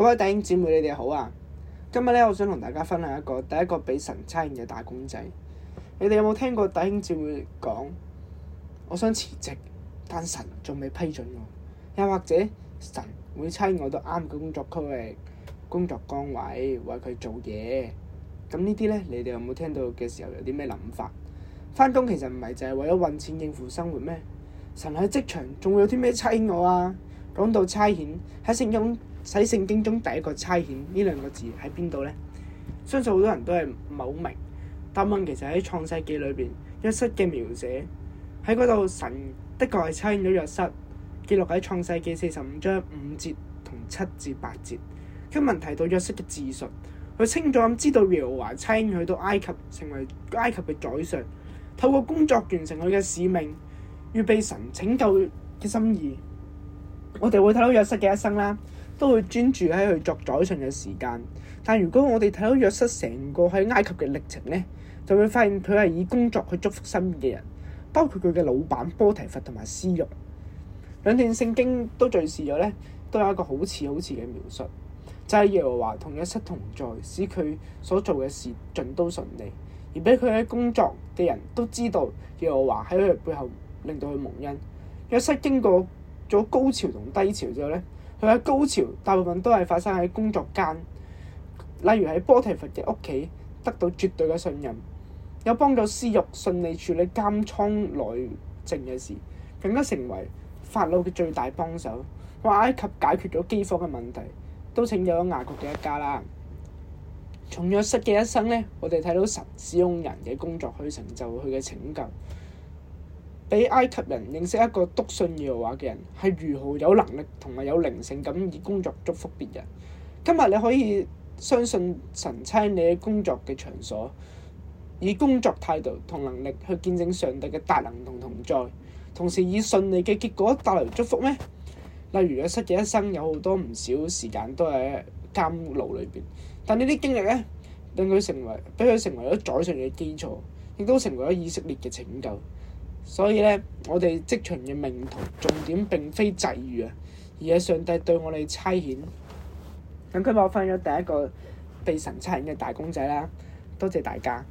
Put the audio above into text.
各位弟兄姊妹，你哋好啊！今日咧，我想同大家分享一個第一個俾神差遣嘅打工仔。你哋有冇聽過弟兄姊妹講，我想辭職，但神仲未批准我。又或者神會差遣我到啱嘅工作區域、工作崗位，為佢做嘢。咁呢啲咧，你哋有冇聽到嘅時候有啲咩諗法？返工其實唔係就係、是、為咗搵錢應付生活咩？神喺職場仲會有啲咩差遣我啊？講到差遣喺聖經……喺聖經中，第一個差遣呢兩個字喺邊度呢？相信好多人都係唔係好明。答案其實喺創世記裏邊，約瑟嘅描寫喺嗰度，神的確係差遣咗約瑟。記錄喺創世記四十五章五節同七至八節，經文提到約瑟嘅自述，佢清楚咁知道，耶和華差遣去到埃及成為埃及嘅宰相，透過工作完成佢嘅使命，預備神拯救嘅心意。我哋會睇到約瑟嘅一生啦。都會專注喺佢作宰相嘅時間。但如果我哋睇到約瑟成個喺埃及嘅歷程呢，就會發現佢係以工作去祝福身邊嘅人，包括佢嘅老闆波提乏同埋司獄。兩段聖經都敍事咗呢，都有一個好似好似嘅描述，就係耶和華同約瑟同在，使佢所做嘅事盡都順利，而俾佢喺工作嘅人都知道耶和華喺佢背後令到佢蒙恩。約瑟經過咗高潮同低潮之後呢。佢喺高潮大部分都係發生喺工作間，例如喺波提乏嘅屋企得到絕對嘅信任，有幫助司獄順利處理監倉內政嘅事，更加成為法老嘅最大幫手，為埃及解決咗饑荒嘅問題，都拯救咗雅各嘅一家啦。從約瑟嘅一生呢，我哋睇到神使用人嘅工作去成就佢嘅拯救。俾埃及人認識一個篤信耶和華嘅人係如何有能力同埋有靈性，咁以工作祝福別人。今日你可以相信神差你喺工作嘅場所，以工作態度同能力去見證上帝嘅大能同同在，同時以順利嘅結果帶來祝福咩？例如約瑟嘅一生有好多唔少時間都喺監牢裏邊，但呢啲經歷咧令佢成為俾佢成為咗宰相嘅基礎，亦都成為咗以色列嘅拯救。所以咧，我哋職場嘅命途重點並非際遇啊，而係上帝對我哋嘅差遣。咁今日我返咗第一個被神差遣嘅打工仔啦，多謝大家。